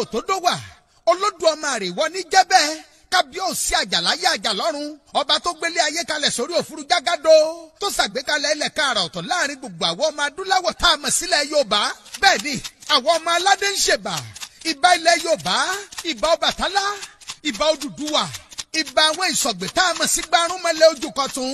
ò tó dó wà Olódùmarè wọ ní jẹ́bẹ́ kábíyèsí àjàláyé àjàlọ́run ọba tó gbélé ayé kalẹ̀ sórí òfurú jágádó tó ṣàgbékalẹ̀ ilẹ̀ káàrà ọ̀tọ̀ láàrin gbogbo àwọn ọmọ adúláwọ̀ tá a mọ̀ sílẹ̀ Yorùbá bẹ́ẹ̀ ni àwọn ọmọ aládé ń ṣèbà ìbà ilẹ̀ Yorùbá ìbà Ọbàtálá ìbà Odùduwà ìbà àwọn ìsọ̀gbẹ̀ tá a mọ̀ sí gbárùn-ún mọ́lẹ̀ ojú kọ̀tún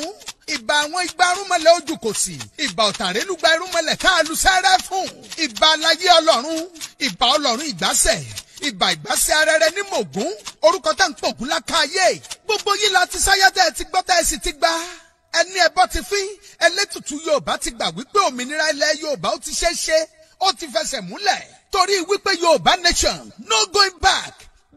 ìbà àwọn igba arúnmọlẹ̀ ojú kò sí ìbà ọ̀tàrẹ́lúgba irúnmọlẹ̀ tá lu sẹ́rẹ́ fún ìbà alayé ọlọ́run ìbà ọlọ́run ìgbásẹ̀ ìbà ìgbásẹ̀ arẹrẹ ní mògún orúkọ tá n pògùn lákàáyé gbogbo yìí la ti sáyá tẹ́ ẹ ti gbọ́ tẹ́ ẹ sì ti gbà ẹni ẹbọ ti fín ẹlẹ́tùtù yorùbá ti gbà wípé òmìnira ilẹ̀ yorùbá ó ti ṣeé ó ti fẹsẹ̀ múlẹ̀ torí wípé yorùbá nation no going back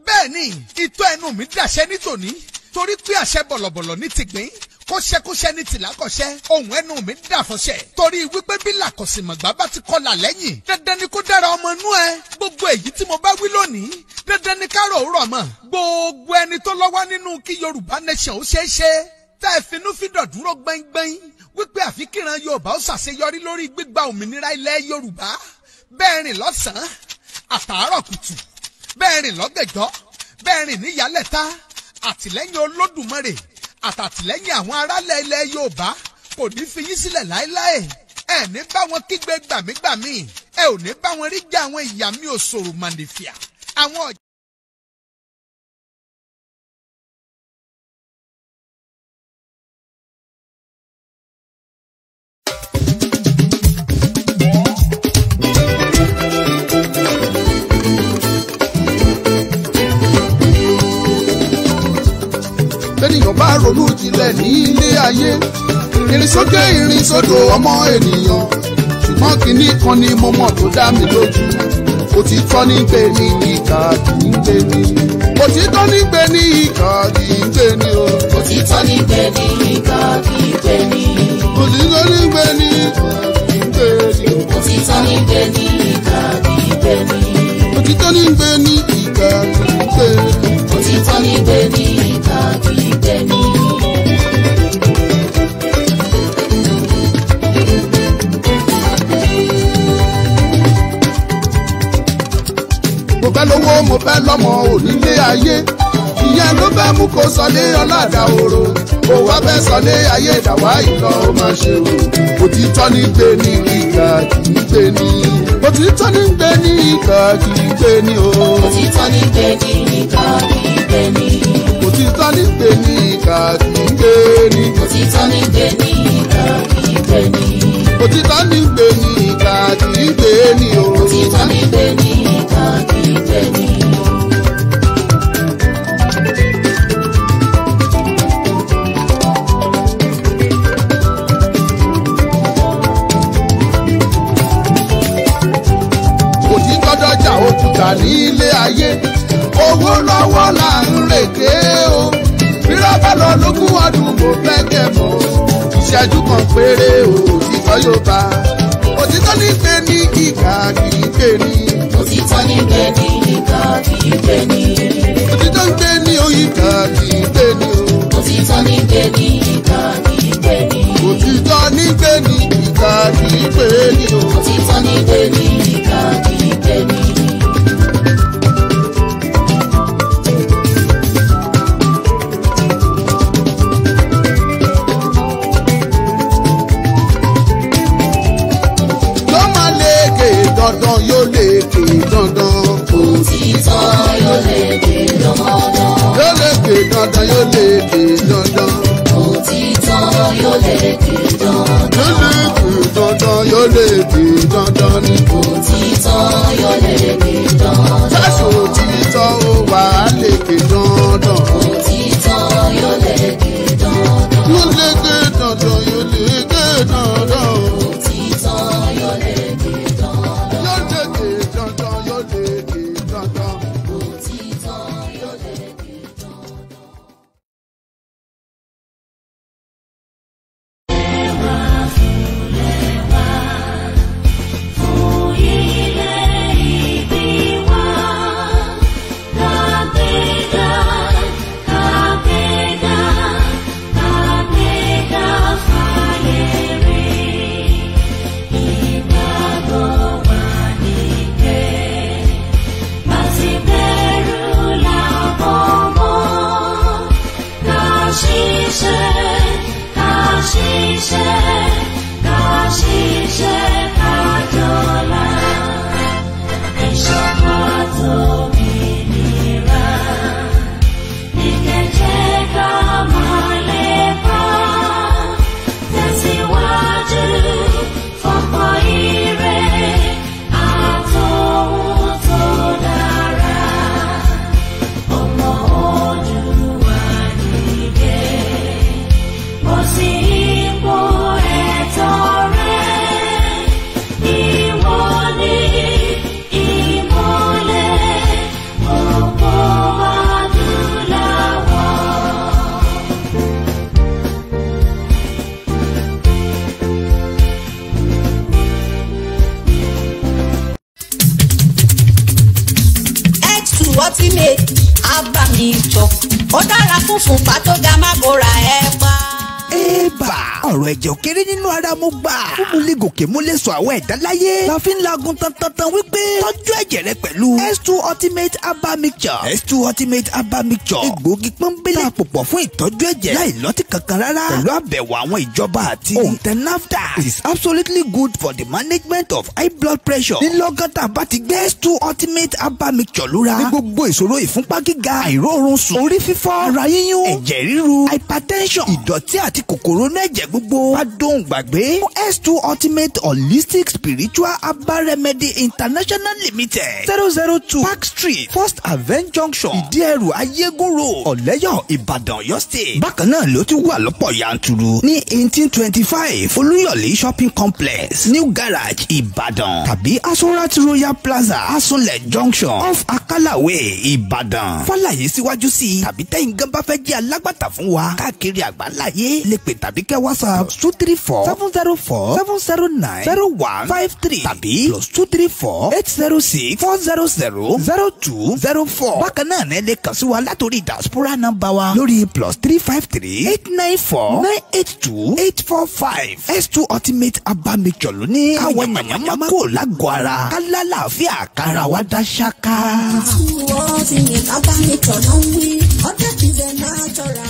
bẹ́ẹ̀ ni ìtọ́ ẹnu mi dàṣẹ nítòní torí pé àṣẹ bọ̀lọ̀bọ̀lọ̀ ní tìgbín kóṣẹ́kóṣẹ́ ní tìlá kọ́ṣẹ́ ohun ẹnu mi dàfọ́ṣẹ́ torí wípé bí làkọ̀sìmọ̀gbà bá ti kọlà lẹ́yìn dandan ni kó dára ọmọ inú ẹ gbogbo èyí tí mo bá wí lónìí dandan ni kárọ̀ òwúrọ̀ mọ̀ gbogbo ẹni tó lọ́wọ́ nínú kí Yorùbá nation ó ṣeé ṣe tá ẹ finú fídọ̀ dúró gbẹ́ngbẹ́ng wípé àfi Yorùbá ó ṣàṣeyọrí lórí gbígba òmìnira ilẹ̀ Yorùbá bẹ́ẹ̀ rìn lọ́sàn-án kùtù bẹ́ẹ̀ rìn lọ́gẹ̀jọ́ bẹ́ẹ̀ rìn àtàtìlẹ́yìn àwọn aráàlẹ̀ ilẹ̀ Yorùbá kò ní fi yín sílẹ̀ láéláé ẹ ní bá wọn kígbe gbàmígbàmí ẹ ò ní bá wọn rí jẹ àwọn ìyá mi ò àwọn ọ̀jẹ̀. rẹ̀ ní ilé ayé ìrìnsókè ìrìnsódò ọmọ ènìyàn ṣùgbọ́n kínní kan ni mo mọ̀ tó dá mi lójú òtítọ́ ní pé ní ìkà kìí pé ní òtítọ́ ní pé ní ìkà kìí pé ní o. òtítọ́ ní pé ní ìkà kìí pé ní. òtítọ́ ní pé ní ìkà kìí pé ní. òtítọ́ ní pé ní ìkà kìí pé ní. ní pé ní ìkà ní. òtítọ́ ní pé ní ìkà kìí ní. fẹ́ lówó mo fẹ́ lọ́mọ onílé ayé ìyẹn ló fẹ́ mú kó sọlé ọlọ́dà òru kó wá fẹ́ sọlé ayé ìdàwá ìlọ ó máa ṣe o òtítọ́ ní gbé ní ìgbà kì í gbé ní òtítọ́ ní gbé ní ìgbà kì í gbé ní o. òtítọ́ ní gbé ní ìgbà kì gbé ní. òtítọ́ ní gbé ní ìgbà kì gbé ní. òtítọ́ ní gbé ní ìgbà kì gbé ní. òtítọ́ ní gbé ní ìgbà kì gbé ní. ọjà nílé ayé owó lọ́wọ́ là ń rèké o bírọ́bà lọ lógún ọdún kò fẹ́kẹ̀ mọ́ ìṣẹ́jú kan péré o òtítọ́ yóò bá òtítọ́ ní pé ní kíkà kìí pè ní. òtítọ́ ní pé ní kíkà kìí pè ní. òtítọ́ ń pè ní oyíkà kìí pè ní o. òtítọ́ ní pé ní kíkà kìí pè ní. òtítọ́ ní pé ní kíkà kìí pè ní o. òtítọ́ ní pé ní. pardon, yo àṣọ àwọ̀ ẹ̀dá láyé la fi lagun tantan wípé tọ́jú ẹ̀jẹ̀ rẹ pẹ̀lú S2 Ultimate herbal mixture S2 Ultimate herbal mixture egbòogi pọ́nbélé tá a pòpọ̀ fún ìtọ́jú ẹ̀jẹ̀ láì lọ́tí kankan rárá pẹ̀lú àbẹ̀wò àwọn ìjọba àti òǹtẹ̀ NAFDAC it is absolutely good for the management of high blood pressure nílọ́gán tá a bá ti gbé S2 Ultimate herbal mixture lóra ní gbogbo ìṣòro ìfúnpá gíga àìróorun sùn orí fífọ́ ara yíyún ẹ̀jẹ̀ ríru hypertension ìdọ̀tí àti kòkòrò inú ẹ̀jẹ̀ gbogbo bá dóhùn gbàgbé fún S2 Ultimate holistic spiritual herbal remedy international limited zero zero two park street first avenue junction ìdíẹ̀rù ayégún road ọ̀lẹ́yọ̀ ìbàdàn ọ̀yọ́ state bákan náà ló ti wà lọ́pọ̀ yanturu ní eighteen twenty five olúyọ̀lé shopping complex new garage ìbàdàn tàbí asorat royal plaza asunlẹ̀ junction off akalawe ìbàdàn fàlàyé síwájú sí i tàbí tẹ́yìn gan bá fẹ́ jẹ́ alágbàtà fún wa káàkiri àgbáláyé lè pè tàbí kẹ́ whatsapp two three four seven zero four seven zero nine zero one five three tàbí plus two three four eight zero six four zero zero zero zero two zero four bákan náà ní ẹ lè kàn sí wa látòrí diaspora nọ́mbà wa lórí plus three five three eight nine four nine eight two eight four five s two Ultimate abamijọ ló ní àwọn yàmàyàmà kò lágọ̀ọ́ ara kálá làáfíà kára wa dá ṣáká. S2 Ultimate abamijọ ló ń wí ọjọ́ kìí ṣe náà jọra.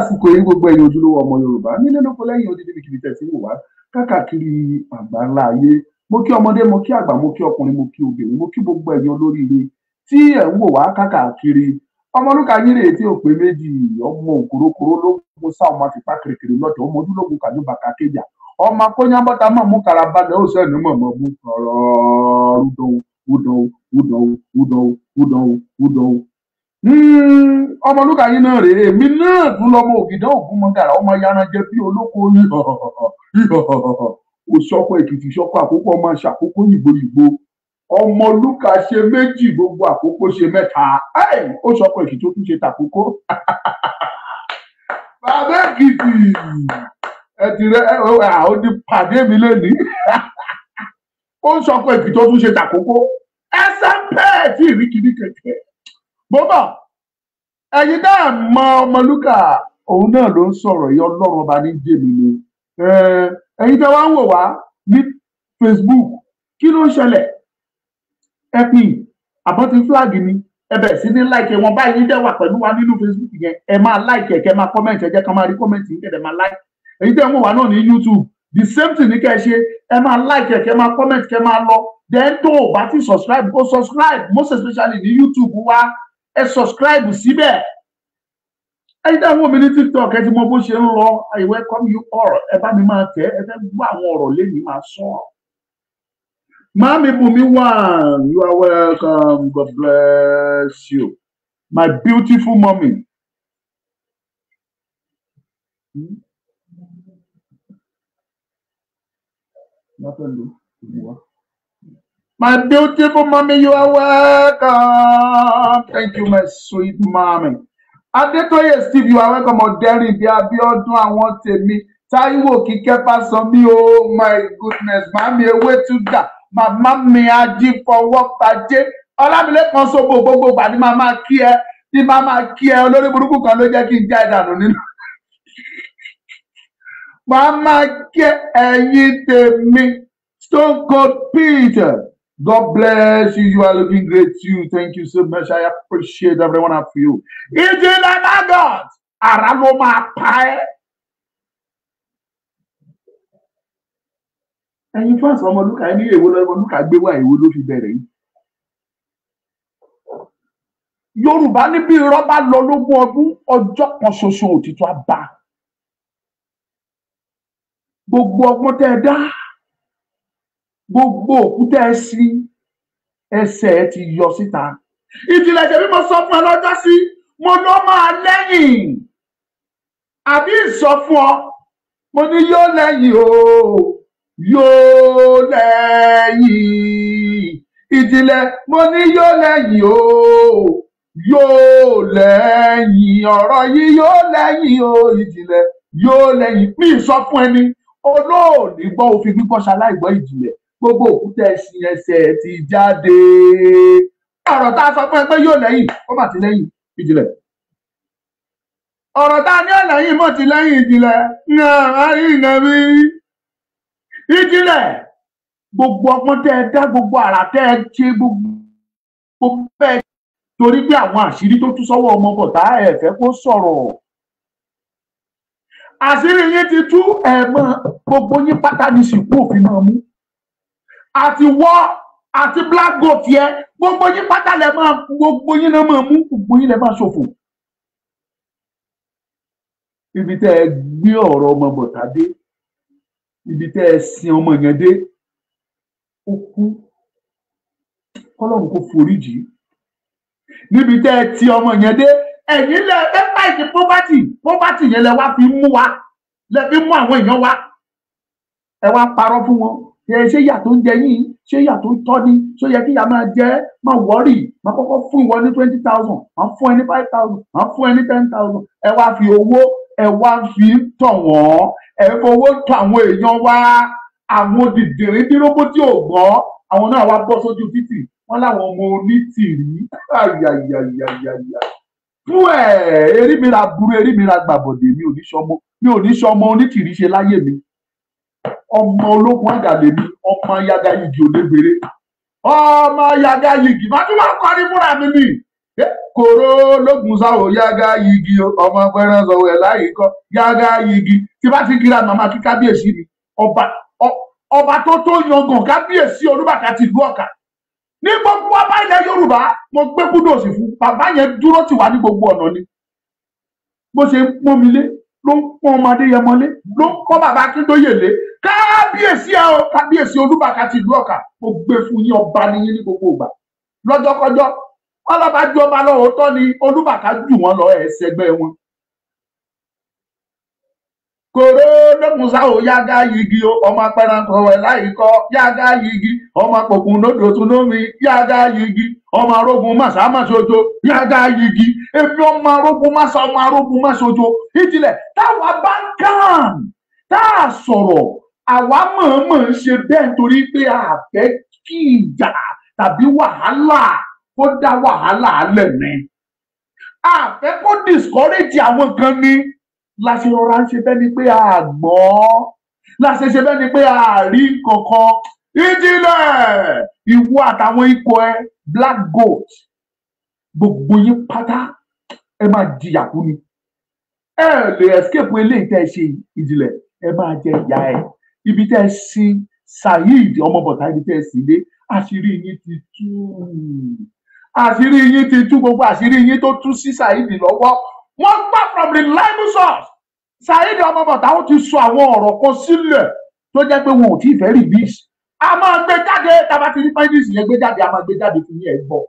àsìkò yìí gbogbo ẹ̀yin ojúlówó ọmọ yorùbá nílé lóko lẹ́yìn odi níbi kìbí tẹ̀sí wò wá káàkiri àgbáńlá ayé mo kí ọmọdé mo kí àgbà mo kí ọkùnrin mo kí obìnrin mo kí gbogbo ẹ̀yin olóríire tí ẹ̀ ń wò wá káàkiri ọmọlúkà yíre tí ò pé méjì ọmọ òkúrókúró ló mú sá ọmọ àtìpá kìrìkìrì lọ́jọ́ ọmọ ojúlógún kàdúbà kàkéjà ọmọ akóyánbọ́tà mọ̀ mú karabalẹ̀ ó sẹ́ni mọ̀ mọ̀ mú rọ̀rọ̀ rúdọ̀ọ́ rúdọ̀ọ́ rúdọ̀ọ́ rúdọ̀ọ́ rúdọ̀ọ́ ọmọlúkà yín náà rèé èmi náà tún lọmọ ògìdán ògún mọ gàrà ọmọ yaran jẹ bí olóko yín o sọkọ èkìtì sọkọ àkókò ọmọ ṣàkókò yìnbó yìnbó ọmọlúkà ṣe méjì gbogbo àkókò ṣe mẹ́ta ó sọkọ èkìtì ó tún ṣe tàkókò bàbá èkìtì ẹ ti rẹ àwọn ti pàdé mi lónìí ó sọkọ èkìtì ó tún ṣe tàkókò ẹsẹ pẹẹ tí ìrìkìrì kẹkẹ bọ́bà ẹ̀yin náà mọ Ọmọlúkà òun náà ló ń sọ̀rọ̀ yìí ọlọ́run ọba ní jèmi ni ẹ̀yin tẹ́ wá ń wò wá ní Facebook kí ló ń ṣẹlẹ̀ ẹ pì àbọ̀ ti flag ni ẹ bẹ̀ sí ní láìkẹ́ wọn báyìí ní dẹ́wà pẹ̀lú wa nínú Facebook yẹn ẹ máa láìkẹ́ kẹ́ máa kọ́mẹ̀ntì ẹ jẹ́ ká máa rí kọ́mẹ̀ntì yín kẹ́dẹ̀ máa láì èyí tẹ́ ń wò wá náà ní YouTube the same thing ní kẹ́ ẹ ṣe ẹ máa láìkẹ́ kẹ́ máa kọ́mẹ̀ntì kẹ́ máa lọ then tó o bá ti subscribe Go subscribe most especially ní YouTube wa ẹ subscribe síbẹ̀ ẹni tí àwọn obìnrin tiktok ẹ ti mọ bó ṣe ń lọ i welcome you all ẹ bá mi máa tẹ ẹ fẹ́ gbọ́ àwọn ọ̀rọ̀ lẹ́yìn máa sọ Mami Bumi one you are welcome god bless you my beautiful mommy. Hmm? Nothing do. My beautiful mommy, you are welcome. Thank you, my sweet mommy. Adétóyè Steve, you are welcome. Ọ̀dẹ́rìn bíi Abíọ́dún àwọn tèmi. Táíwò on me. oh my goodness. Màmí ewé tún dà. Màmá mi ají fọwọ́ pàjé. Ọlámilékan Sọ́bò gbogbo ìgbà ni màá máa kí ẹ. Ni màá máa kí ẹ. Olórí burúkú kan ló jẹ́ kí n já ìdànù nínú. Màá máa kí ẹ̀yin tèmi. Stone Cold Peter. God bless you. You are looking great too. Thank you so much. I appreciate every one of you. Ìjì nàdá God, ara ló máa pa ẹ́. look at me. Look at me. gbé wá èwo ló fi bẹ̀rẹ̀ yìí. Yorùbá ní bí irọ́ bá lọ lógún ọdún ọjọ́ kan ṣoṣo òtítọ́ á Gbogbo ọgbọ́n tẹ́ dá gbogbo òkúta ẹsí ẹsẹ̀ ẹ ti yọ síta ìtìlẹ̀jẹ̀ bí mo sọ fún ẹ lọ́jọ́ sí mo lọ máa lẹ́yìn àbí ìsọfún ọ mo ní yóò lẹ́yìn o yóò lẹ́yìn ìdílé mo ní yóò lẹ́yìn o yóò lẹ́yìn ọ̀rọ̀ yìí yóò lẹ́yìn o ìdílé yóò lẹ́yìn mi ìsọfún ẹni olóòní gbọ́ òfin gbígbọ́ ṣaláìgbọ́ ìdílé gbogbo òkúta ẹ̀sìn ẹsẹ̀ ti jáde ọ̀rọ̀ tá a sọ fún ẹ pé yóò lẹ́yìn ó mà ti lẹ́yìn ìjìnlẹ̀ ọ̀rọ̀ tá a ní ọ̀lẹ́yìn mọ̀ ti lẹ́yìn ìjìnlẹ̀ náà rárí ìnáwí ìjìnlẹ̀ gbogbo ọpọ́n tẹ́ ẹ dá gbogbo àrà tẹ́ ẹ ṣe gbogbo bẹ́ẹ̀ torí pé àwọn àṣírí tó tú sọ́wọ́ ọmọ bọ̀tá ẹ fẹ́ kó sọ̀rọ̀ àṣírí yín ti tú ẹ mọ gbogbo yín pátá ní sìnkú òfin máa mú àti wọ́ àti black goat yẹ gbogbo yín pátá lẹ máa gbogbo yín náà máa mú gbogbo yín lẹ máa ṣòfò. ibi tẹ́ ẹ gbé ọ̀rọ̀ ọmọ bọ̀tá dé ibi tẹ́ ẹ sin ọmọ yẹn dé ó kú kọ́lọ́run kò foríjì níbi tẹ́ ẹ ti ọmọ yẹn dé ẹ̀yin lẹ ẹ báyìí pọ́pátì pọ́pátì yẹn lẹ wá fi mú wa lẹ fi mú àwọn èèyàn wa ẹ wá parọ́ fún wọn ṣé ìyà tó ń jẹ yín ṣé ìyà tó ń tọ́ ni ṣó yẹ kí ìyà máa jẹ máa wọ́rì máa kọ́kọ́ fún ìwọ ní twenty thousand máa fún ẹ ní five thousand máa fún ẹ ní ten thousand ẹ wá fi owó ẹ wá fi tọ̀ wọ́n ẹ fowó tọ̀ àwọn èèyàn wá àwọn dìdìrín dírógbó tí ò gbọ́ àwọn náà wá bọ́ sójú títì wọ́n láwọn ọmọ onítìrí ayayayayaya fún ẹ erí mi ra burú erí mi ra gbàbọ̀dé mi ò ní sọmọ mi ò ní sọmọ onítìrí ṣe láyé mi ọmọ ológun àgàlẹ̀ mi ọmọ ayaga yìgì òdebere ọmọ ayaga yìgì má tún máa kọrin fúnra mi nì kòró lógun sáwò yaga yìgì ọmọ pẹran sọwọ ẹ láyé kọ yaga yìgì tí bá ti kíra màmá kí kábíyèsí mi ọba ọba tó tó yangàn kábíyèsí olúbàkà ti ìlú ọkà ní gbogbo ọba ilẹ̀ yorùbá mo gbé kúdòsì fún bàbá yẹn dúró tì wá ní gbogbo ọ̀nà ni bó ṣe ń pọ́nmi lé ló ń pọ́n ọmọ Adéyẹmọlé ló ń kọ́ bàbá Akíndóyè lé kábíyèsí kábíyèsí Olúbàkà ti ìlú Ọ̀kà mo gbé fún yín ọba nìyí ní gbogbo ìgbà lọ́jọ́kọjọ́ ọlọ́ba ju ọba lọ òótọ́ ni Olúbàkà jù wọ́n lọ ẹ̀ẹ́sẹ̀gbẹ́ wọn korodomuza ahụ ya agaghị gị ọma kparakowelaikọ ya agaghị gị ọma kpọkpu n'odotu n'omi ya agaghị gị ọma rogbu masa amasị ojo ya agaghị gị ebi ọma rogbu masa ọma rogbu masa ojo ìjìnlẹ̀ táwa bá ń kàn tá a ṣe bẹ́ẹ̀ nítorí pé a fẹ́ kí ìjà tàbí wàhálà kó dá wàhálà alẹ̀ ni a fẹ́ kó discourage àwọn kan ní. la ṣe ọ̀rá ń ṣe bẹ́ni pé a gbọ́ la ṣe ṣe bẹ́ni pé a rí nǹkankan ìjìnlẹ̀ ìwọ àtàwọn ikọ̀ ẹ black goat gbogbo yín pátá ẹ máa jìyà kú ni ẹ lè escape eléyìí tẹ́ ẹ ṣe ìjìnlẹ̀ ẹ máa jẹ ìyá ẹ ibi tẹ́ ẹ sin saheed ọmọbọ̀tá ibi tẹ́ ẹ sin dé àṣírí yín ti tú àṣírí yín ti tú gbogbo àṣírí yín tó tú sí saheed lọ́wọ́ wọ́n gbà from reliable source Saheed ọmọ bàtà ó ti sọ àwọn ọ̀rọ̀ kan sílẹ̀ tó jẹ́ pé wọn ò tí ì fẹ́ release a máa gbé jáde tàbá ti ní findings yẹn gbé jáde a máa gbé jáde fún yẹn gbọ́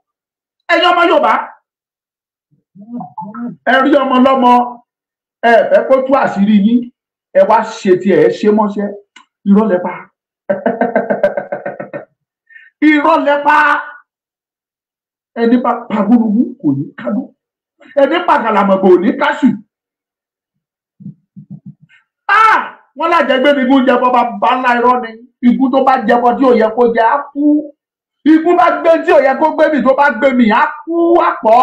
ẹ̀yin ọmọ Yorùbá ẹ rí ọmọ lọ́mọ ẹ fẹ́ kó tú àṣírí yín ẹ wá ṣe tiẹ̀ ẹ ṣe mọ́ṣẹ́ irọ́ lẹ pa irọ́ lẹ pa ẹni bá pa gbúrúgbú kò ní kádùn ẹni pàgàlàmọ̀gbò ní káṣù ah! wọn lájẹgbé ni igun jẹbọ bá bá ńlá irọ́ ni igun tó bá jẹbọ tí ò yẹ kó jẹ á kú igun bá gbé tí ò yẹ kó gbé mi tó bá gbé mi á kú àpọ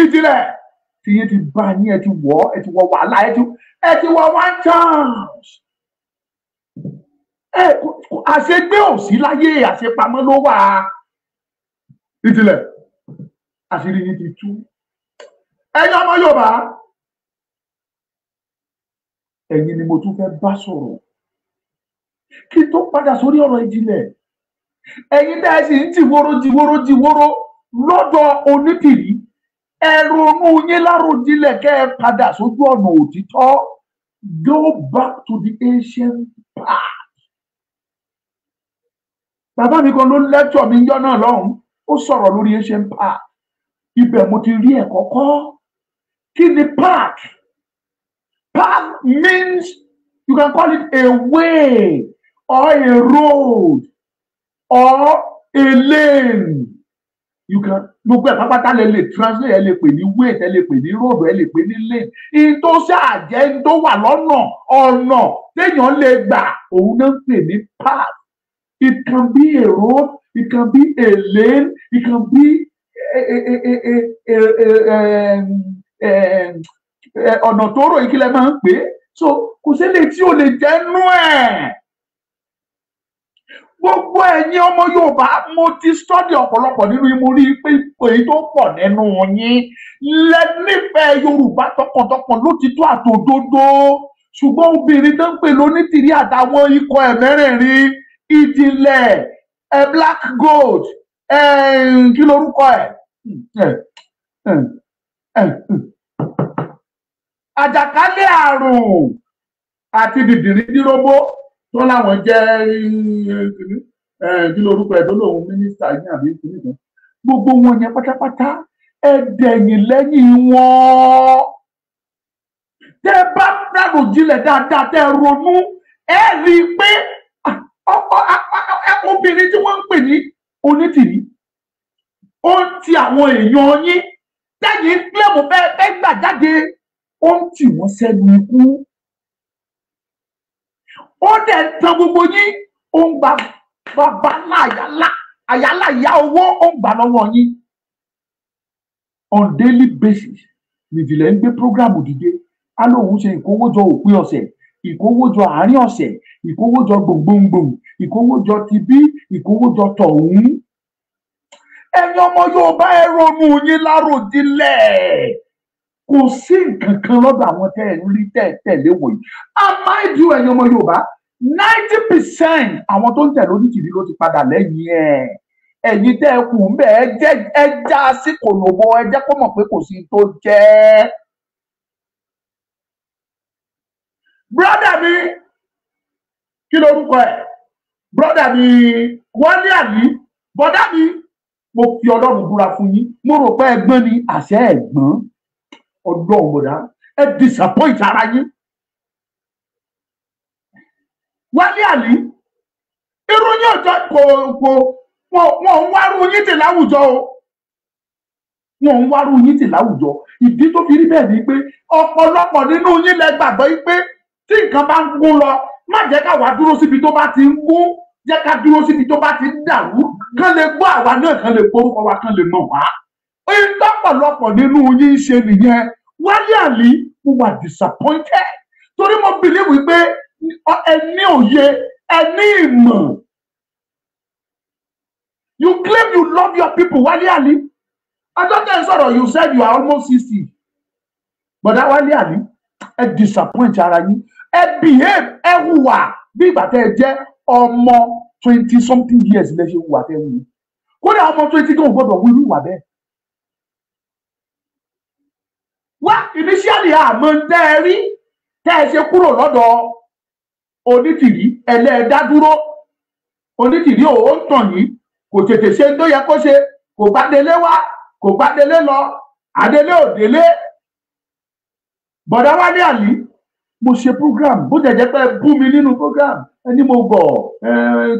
ìjìnlẹ̀ tìyẹn ti bá yín ẹ ti wọ ẹ ti wọ wàhálà ẹ ti ẹ ti wọ one chance ẹ àṣegbé ò sí láyé àṣepamọ́ ló wà ìjìnlẹ̀ àṣírí yìí ti tú ẹ̀yin ọmọ Yorùbá ẹ̀yin ni mo tún fẹ́ bá sọ̀rọ̀ kí n tó padà sórí ọ̀rọ̀ ìjìnlẹ̀ ẹ̀yin dá ẹ sì ń jìwóró jìwóró jìwóró lọ́dọ̀ onítìrí ẹ ronú yín láròjinlẹ̀ kẹ́ ẹ padà sójú ọ̀nà òtítọ́ go back to the ancient path bàbá mi kan ló lẹ́tọ̀ mi yọ náà lọ́hùn ó sọ̀rọ̀ lórí ancient path ibẹ̀ mo ti rí ẹ̀kọ́ kọ́ kí ni path path means you can call it a way or a road or a lane you can gbogbo ẹ̀ pápátá lè lè translate ẹ lè pè ní way ẹ lè pè ní road ẹ lè pè ní lane in tó ṣàjẹ́ in tó wà lọ́nà ọ̀nà téèyàn lè gbà òun náà ń pè ní path it can be a road it can be a lane it can be ọ̀nà tó rò yìí kí lẹ máa ń pè é so kò sí lè tí o lè jẹ́nu ẹ̀ gbogbo ẹ̀yin ọmọ Yorùbá mo ti study ọ̀pọ̀lọpọ̀ nínú yín mo rí i pé èyí tó pọ̀ nínú yín lẹ́nífẹ̀ẹ́ Yorùbá tọkàntọkàn ló ti tó àtòdodo ṣùgbọ́n obìnrin tó ń pè lónítìrí àtàwọn ikọ̀ ẹ̀ mẹ́rẹ̀ẹ̀rin ìdílẹ̀ ẹ̀ black gold kí lorúkọ ẹ̀ àjàkálẹ̀ àrùn àti dìdìrín dírógbó tó láwọn jẹ́ kí lorúkọ ẹ̀ tó lòun mínísítà yín àbí kìíní kan gbogbo wọn yẹn pátápátá ẹ dẹ̀yìn lẹ́yìn wọn tẹ́ bá dàrú jinlẹ̀ dáadáa tẹ́ ronú ẹ rí i pé ah, obìnrin tí wọ́n ń pè ní onítìrí ó ń ti àwọn èèyàn yín tẹ́yìn kílẹ̀mù bẹ́ẹ̀ fẹ́ gbà jáde ó ń tì wọ́n sẹ́nu ikú ó dẹ̀ ń tan gbogbo yín ó ń gba bàbá ńlá àyálà ìyá owó ó ń gbà lọ́wọ́ yín on daily basis nìdílé ń gbé programu dìde á lóun ṣe ìkówójọ òpin ọ̀sẹ̀ ìkówójọ àárín ọ̀sẹ̀ ìkówójọ gbòǹgbòǹgbò ìkówójọ tibí ìkówójọ tọ̀hún ẹ̀yin ọmọ Yorùbá ẹ ronú yín láròdílẹ̀ kò sí nǹkan kan lọ́dọ̀ àwọn tẹ́ ẹ̀ ń rí tẹ́ ẹ̀ tẹ̀lé wòye amáìdú ẹ̀yin ọmọ Yorùbá ninety percent àwọn tó ń tẹ̀ lójú tìbí ló ti padà lẹ́yìn ẹ̀ ẹ̀yin tẹ́ ẹ kù ń bẹ̀ ẹ jẹ́ ẹ já sí kòlòbó ẹ jẹ́ kó mọ̀ pé kò sí tó jẹ́ brọ́dà mi kí lorúkọ ẹ̀ brọ́dà mi wọ́n ní àlí bọ́dà mi mo fi ọlọ́run búra fún yín mo rò pé ẹgbọ́n ni àṣẹ ẹ̀gbọ́n ọdún ọ̀gbọ̀dá ẹ disappoint ara yín. wálé àlí ìròyìn ọjọ́ kò kò wọn ń wárú yín tì láwùjọ o wọn ń wárú yín tì láwùjọ ìdí tó fi rí bẹ́ẹ̀ ni pé ọ̀pọ̀lọpọ̀ nínú yín lẹ gbàgbọ́ yín pé tí nǹkan bá ń gún lọ má jẹ́ ká wá dúró síbi tó bá ti ń gún jẹ́ ká dúró síbi tó bá ti ń dàrú kán lè gbọ́ àwa náà kán lè porúkọ wa kán lè mọ̀ wá oyin lọ́pọ̀lọpọ̀ nínú yín ṣe nìyẹn Wálé Àlí mo wà disappointed torí mo believe wípé ẹ ní òye ẹ ní ìmọ̀ you claim you love your people Wálé Àlí ọjọ́ tẹ̀ ń sọ̀rọ̀ you said you are almost sixty bọ̀dá Wálé Àlí ẹ disappoint ara yín ẹ behave ẹ hùwà bí ìgbà tẹ́ ẹ jẹ́ ọmọ twenty something years lẹ ṣe wà bẹ́ẹ̀ wù kódà ọmọ twenty tó ń gbọdọ̀ wí wíwà bẹ́ẹ̀. wá initially àmọ́ tẹ́ ẹ rí tẹ́ ẹ ṣe kúrò lọ́dọ̀ onítìrí ẹlẹ́ẹ̀dádúró onítìrí ò ń tàn yìí kò tètè ṣe ń tó yẹ kó ṣe kò bá délé wá kò bá délé lọ àdélé ò délé bọ̀dá wálé àlì mo ṣe program bó jẹ́ jẹ́ pé bú mi nínú program ẹni mo gọ̀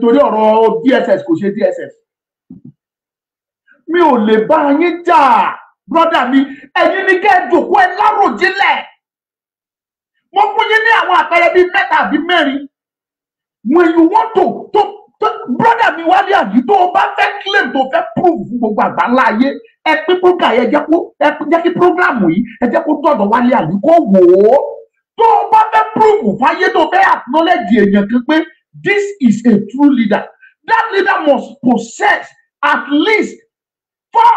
torí ọ̀rọ̀ DSS kò ṣe DSS mi ò lè bá yín jà brọ́dà mi ẹ̀yin ni kẹ́ ẹ jòkó ẹ láròjinlẹ̀ mo fún yín ní àwọn àpẹẹrẹ bíi mẹ́ta àbí mẹ́rin when you want to to to brọ́dà mi wá ní àjí tó o bá fẹ́ claim tó fẹ́ prove fún gbogbo àgbáńlá ayé ẹ pín program yẹn jẹ́ kó ẹ jẹ́ kí program yìí ẹ jẹ́ kó dọ̀dọ̀ wálé àlè kó wò ó tó o bá fẹ́ prove fáyé tó fẹ́ acknowledge èèyàn kan pé this is a true leader that leader must possess at least four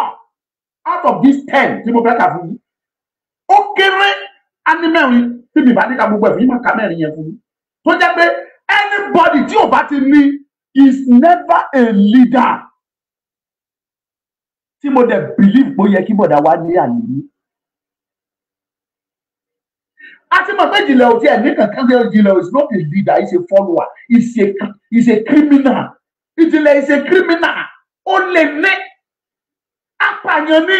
out of these ten tí mo fẹ́ kà fún yín ó kéré ánímẹ́rin tí mi bá ní ká gbogbo ẹ̀ fún yín máa mẹ́rin yẹn fún yín tó jẹ́ pé anybody tí ò bá ti ní is never a leader tí mo dẹ̀ believe pé ó yẹ kí bọ̀dá wa ní àníyí a ti mọ̀ pé jìnlẹ̀ ò tiẹ̀ ní ṣe jìnlẹ̀ is not a leader he's a follower He's a he's a criminal ìjìnlẹ̀ is a criminal ó lè ní apààyàn ní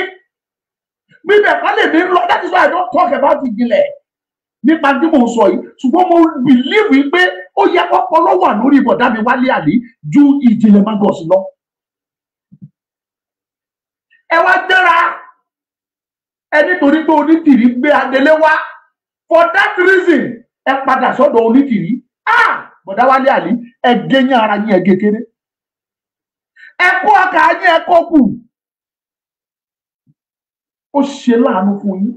bíbẹ̀ kan lè ní lọ that is why I don't talk about ìjìnlẹ̀ nípa tí mo sọ yìí ṣùgbọ́n mo believe pé ó yẹ ọpọlọ wà lórí ìbọ̀dá mi wálé àlè ju ìjìnlẹ̀ magos lọ. ẹ wá dára ẹ nítorí pé onídìrí gbé adélé wá for that reason ẹ padà sọ́dọ̀ onídìrí ah bọ̀dá wálé àlè ẹ gé yín ara yín ẹ gé kéré ẹ kó ọkà yín ẹ kó kù ó ṣe láàánú fún yín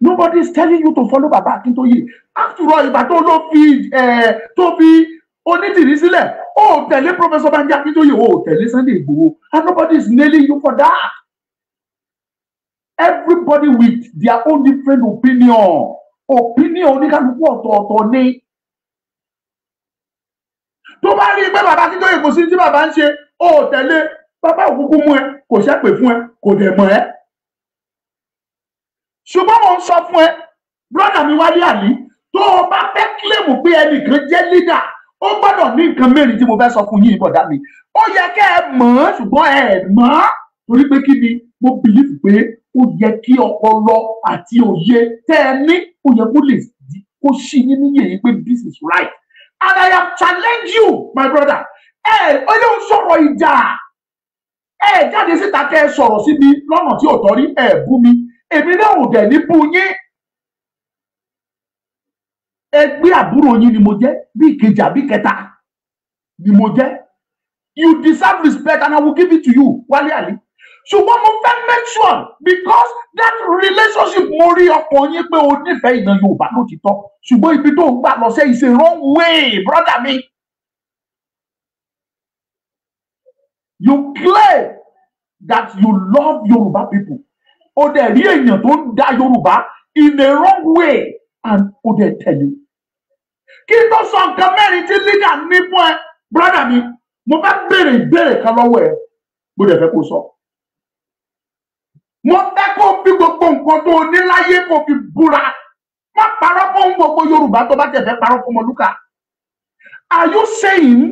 nobody is telling you to follow bàbá akíntóyè after all ìgbà tó ló fi tó fi onídìrí sílẹ̀ ó tẹ̀lé professor banji akíntóyè ó tẹ̀lé sunday igbòho and nobody is nailing you for that everybody with their own different opinion opinion oníkálukú ọ̀tọ̀ọ̀tọ̀ ni tó bá rí i pé bàbá Akíntóyè kò sí tí bàbá ń ṣe ó tẹ̀lé bàbá òkúkú mú ẹ kò ṣépè fún ẹ kò dẹ̀ mọ̀ ẹ́ ṣùgbọ́n mo ń sọ fún ẹ brọ́dà mi wálé àlí tó o bá fẹ́ kílèmù pé ẹnìkan jẹ́ lídà ó gbọ́dọ̀ ní nǹkan mẹ́rin tí mo fẹ́ sọ fún yín bọ̀dá mi ó yẹ kẹ́ ẹ mọ̀ ọ́ ṣùgbọ́n ẹ mọ̀ ọ́ torí pé kí ni mo bìlífù pé ó yẹ kí ọpọlọ àti òye tẹ́ ẹ ní ó yẹ kó lè di kó ṣì yín níyẹn yìí pé this is right and I have challenged you my brother ẹ ẹ ló ń sọ̀rọ̀ ìjà ẹ jáde síta kẹ́ ẹ sọ̀rọ̀ síbi lọ́nà tí ò tọ́ rí ẹ bú mi èmi náà ò dẹ̀ ní bú yín ẹgbẹ́ àbúrò yín ni mo jẹ́ bí ìkejì àbí kẹta ni mo jẹ́ you deserve respect and I will give it to you Wálé Àlè ṣùgbọ́n mo fẹ́ mention because that relationship mo rí ọkàn yín pé o nífẹ̀ẹ́ ìdán Yorùbá ló ti tọ́ ṣùgbọ́n ibi tó ń gbà lọ sẹ́ is a wrong way brother mi. you claim that you love Yorùbá people o dẹ̀ rí èèyàn tó ń da Yorùbá in a wrong way and o dẹ̀ tẹ̀lé. kí n tó sọ nǹkan mẹ́rin tí leader ní fún ẹ brother mi mo fẹ́ béèrè ìbéèrè kan lọ́wọ́ ẹ mo dẹ̀ fẹ́ kó sọ. So mo fẹ́ kó bí gbogbo nǹkan tó o ní láyé kó fi búra má parọ́ fún gbogbo yorùbá tó bá tẹ̀ fẹ́ parọ́ fún ọmọlúkà are you saying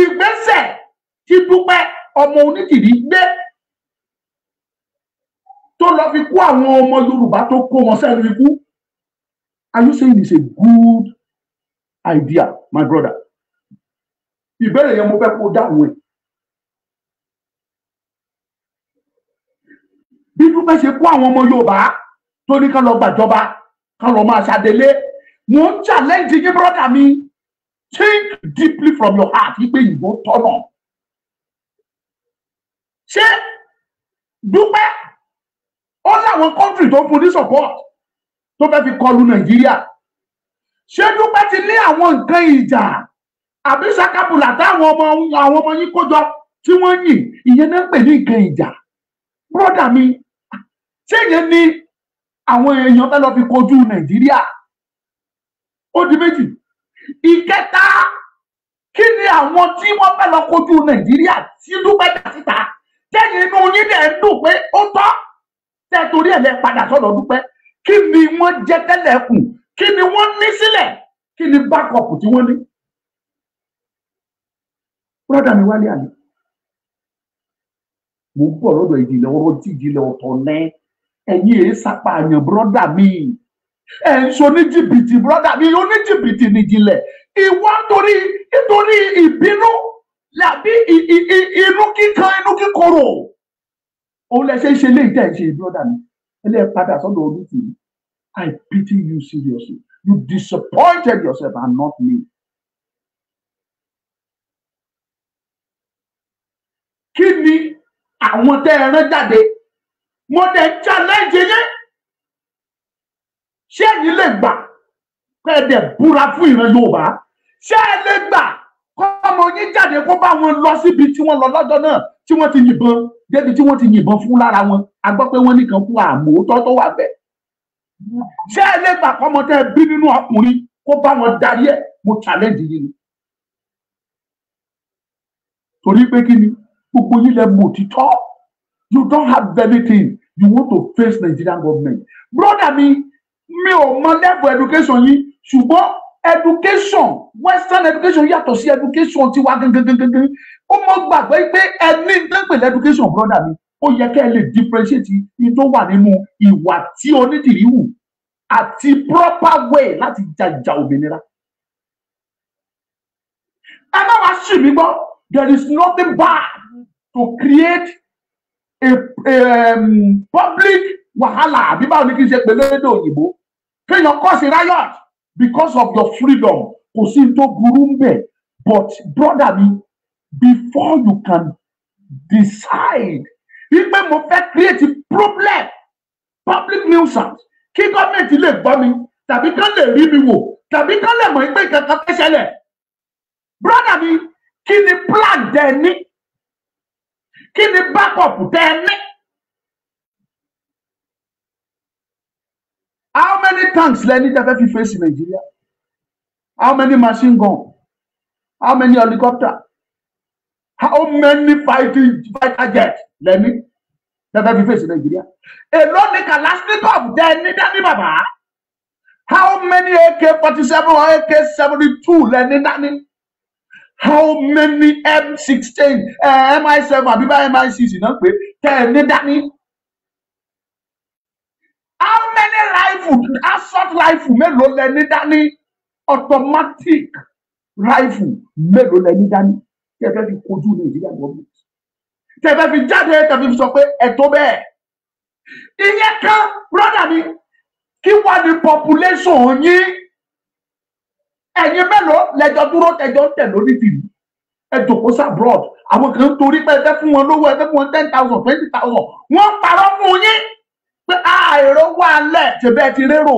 ìgbésẹ̀ tí dúpẹ́ ọmọ onídìrí gbé tó lọ fi kó àwọn ọmọ yorùbá tó kó wọn sẹ́nu ikú are you a good idea my brother ìbéèrè yẹn mo fẹ́ kó dáhùn ẹ̀ bí dúpẹ́ ṣe kó àwọn ọmọ yorùbá tó ní kán lọ gbàjọba kán lọ máa ṣàdélé mo ń challenge yín brọ́dà mi think deeply from your heart wípé ìbò tọ̀nà ṣé dúpẹ́ ó láwọn kọ́ńtì tó fún ní support tó fẹ́ fi kọlu nàìjíríà ṣé dúpẹ́ ti ní àwọn nǹkan ìjà àbí sakabula táwọn ọmọ àwọn ọmọ yín kó tí wọ́n yìn ìyẹn náà ń pè ní nǹkan ìjà brọ́dà mi ṣéyẹn ni àwọn èèyàn fẹ́ lọ fi kojú nàìjíríà ó di méjì ìkẹta kí ni àwọn tí wọ́n fẹ́ lọ kojú nàìjíríà tí dúpẹ́ dà síta tẹ́yìn inú yín dẹ̀ ń dùn pé ó tọ́ tẹ́ torí ẹ̀ lẹ́ padà sọ̀rọ̀ dúpẹ́ kí ni wọ́n jẹ́ tẹ́lẹ̀ kí ni wọ́n ní sílẹ̀ kí ni bákọ̀pù tí wọ́n ní. brọ́dà mi wálé àná mo ń lọ́dọ̀ ìjìnlẹ̀ ọ̀rọ̀ tí ìjìnlẹ̀ ọ̀tọ̀ náà ẹ̀yin èé sàpààyàn bọ́dà mi ẹ̀ ń so ní jìbìtì bọ́dà mi ó ní jìbìtì nìjìnlẹ̀ ìwọ nítorí nítorí ìbínú làbí inú kíkan inú kíkorò òun lẹ ṣe ń ṣe lé ìjà ìṣe bọ́dà mi ẹlẹ́ẹ̀ padà sọ́dọ̀ ọdún tì í I pity you seriously you disappointed yourself and not me. kí ni àwọn tẹ́ ẹ rán jáde mo dẹ̀ ń challenge yín ṣé ẹ̀yin lè gbà pé ẹ dẹ̀ búra fún ìran Yorùbá ṣé ẹ lè gbà kọ́ ọmọ yín jáde kó bá wọn lọ síbi tí wọ́n lọ lọ́jọ́ náà tí wọ́n ti yìnbọn débi tí wọ́n ti yìnbọn fún lára wọn a gbọ́ pé wọ́n nìkan kú àmóótọ́ tó wà bẹ́ẹ̀ ṣé ẹ lè gbà kọ́ ọmọ tẹ́ ẹ bí nínú ọkùnrin kó bá wọn darí ẹ̀ mo challenge yín ni torí pé kí ni gbogbo yín lẹ mọ̀ òtítọ́ you don't have anything you want to face Nigerian government brother mi mi ò mọ level education yín ṣùgbọ́n education western education yàtọ̀ sí education tiwa gangan ó mọ gbàgbé pé ẹni dẹ́pẹ̀lẹ̀ education brother mi ó yẹ kẹ́ ẹ lè differentiate ní tó wà nínú ìwà tí onídìrí hù àti proper way láti jàjà òmìnira. ẹ má wá sí mi gbọ́ there is nothing bad to create A um, public wahala àbí báwo ni kí n ṣe pè lédè òyìnbó kéèyàn cause riot because of your freedom kò sí tó burú ń bẹ̀ but brother mi before you can decide wípé mo fẹ́ create problem public nuisance kí gọ́ọ̀mẹ̀ntì lè gbọ́ mi tàbí kán lè rí mi wò tàbí kán lè mọ̀ pé kankan fẹ́ ṣẹlẹ̀ brother mi kí ni plan dẹ ní kí ni bákọ̀pù tẹ́ ẹ ní. how many tanks lẹ ní tẹ́fẹ́ fi fèsì Nigeria? how many machine gun how many helicopter how many fighting fighter jet lẹ ní tẹ́fẹ́ fi fèsì nàìjíríà èló ni kalashnikov tẹ́ ẹ ní dání bàbá how many ak forty seven or ak seventy two lẹ ní dání how many m sixteen eh, mi seven àbí báyìí mi six náà pé tẹ́ ẹ ní how many rifle assault rifle mélòó lẹ ní dání automatic rifle mélòó lẹ ní dání tẹ́ ẹ fẹ́ fi kojú nàìjíríà gọ́ọ̀mù tẹ́ ẹ fẹ́ fi jáde tẹ́ ẹ fi sọ pé ẹ tó bẹ́ẹ̀ ìyẹn kan brọ́dà mi kí wàá di population yín ẹ̀yin mélòó lẹ́jọ́ dúró tẹjọ́ ń tẹ̀ lórí tìlú ẹ jòkó sàbúrọ̀d àwọn kan torí pé ẹ fẹ́ fún wọn lówó ẹ fẹ́ fún wọn ten thousand twenty thousand wọ́n parọ́ fún yín pé àìró wà lẹ̀ tẹ̀bẹ́ ti rérò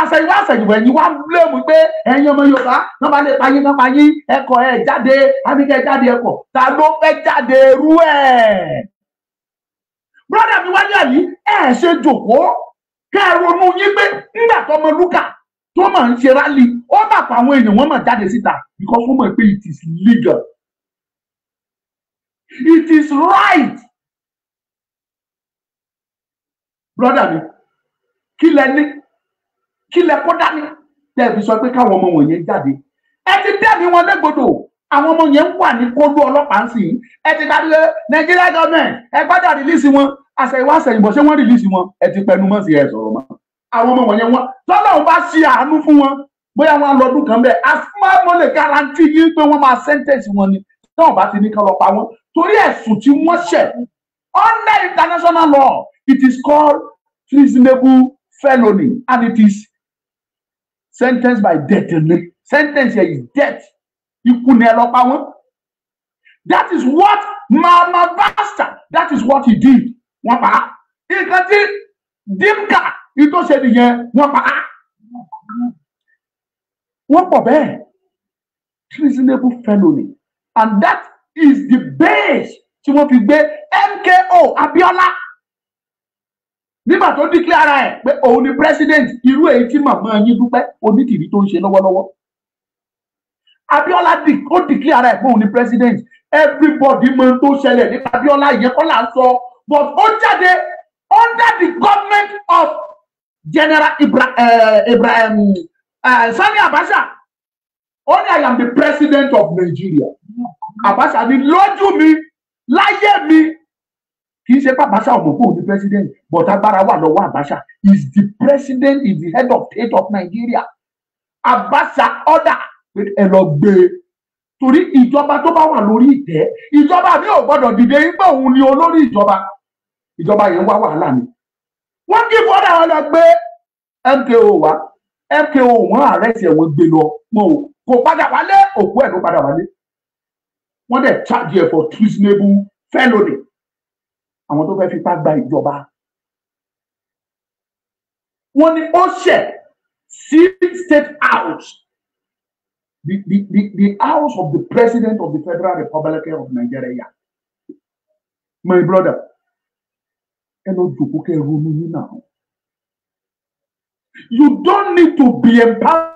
àṣẹyìnwá àṣẹyìnwá ẹ̀yin wá léwu pé ẹ̀yin ọmọ Yorùbá náà bá lè payín náà payín ẹkọ ẹ jáde àbíkẹ jáde ẹkọ ta ló fẹ́ jáde irú ẹ̀. brọ́dà mi wáyà yìí ẹ̀ ṣe jòkó kẹ́ ẹ ronú yín pé ńgbà tọmọ lúkà tó máa ń ṣe rálì ó mà pa àwọn èèyàn wọ́n mà jáde síta because wọ́n mọ̀ pé it is legal it is right brother mi kí lẹ ní kí lẹ kó dání tẹ̀bí sọ pé káwọn ọmọ wọ̀nyẹn jáde ẹ ti dẹ́bi wọn légbodò àwọn ọmọ yẹn wà ní kólú ọlọ́pàá ń sìn ẹ ti dájú pé Nigeria government ẹ gbọ́dọ̀ rìlíìsì wọn àṣẹ ìwà àṣẹyìnbọ̀ ṣé wọ́n rìlíìsì wọn ẹ ti pẹnu mọ́ sí ẹ sọ̀rọ̀ mọ́ àwọn ọmọ wọ̀nyẹn wọn lọ́nà bá ṣe àánú fún wọn bóyá wọn lọ́dún kan bẹ́ẹ̀ asúmọ́ lè garanti yín pé wọ́n máa sẹ́ńtẹ̀sì wọn ni náà bá ti ní kán lọ pa wọn torí ẹ̀sùn tí wọ́n ṣẹ̀ under international law it is called treasonable felony and it is sentenced by death sentence here is death ikú ni ẹ lọ pa wọn that is what Mama Basta that is what he did wọn pa nǹkan tí dimka ìtò ṣe nìyẹn wọ́n pa á wọ́n pọ̀ bẹ́ẹ̀ treasonable felony and that is the base tí wọ́n fi gbé MKO Abiola nígbà tó declare ara ẹ̀ pé òun ni president irú èyí tí màmá yín dúpẹ́ onítìrí tó ń ṣe lọ́wọ́lọ́wọ́ Abiola ó declare ara ẹ̀ pé òun ni president everybody mọ tó ṣẹlẹ̀ nípa Abiola ìyẹn kọ́ là ń sọ but ó jáde under the government of General Ibra, uh, Ibrahim uh, Sani Abacha Only I am the president of Nigeria Abacha ni lójú mi láyé mi me. He said pé Abacha ọmọ kò ní president but agbára wà one. Abacha is the president is the head of state of Nigeria Abacha order ẹ lọ gbé e torí ìjọba tó lori wà lórí ìtẹ́ ìjọba mi ò gbọ́dọ̀ dìde ipò òun ni olórí ìjọba ìjọba yẹn wọ́n dì bọ́ náà lọ gbé MKO wá MKO wọ́n àrẹ́sì ẹ̀ wọ́n gbé lọ wọn ò kò padà wálé òkú ẹ̀ ló padà wálé wọ́n dẹ̀ charge ẹ̀ for treasonable felony àwọn tó fẹ́ fipá gba ìjọba wọ́n ní ó ṣẹ̀ sí state house the, the, the, the house of the president of the Federal Republic of Nigeria my brother ẹ jòkó kẹ́ ronú nínú àwọn. You don't need to be empowered.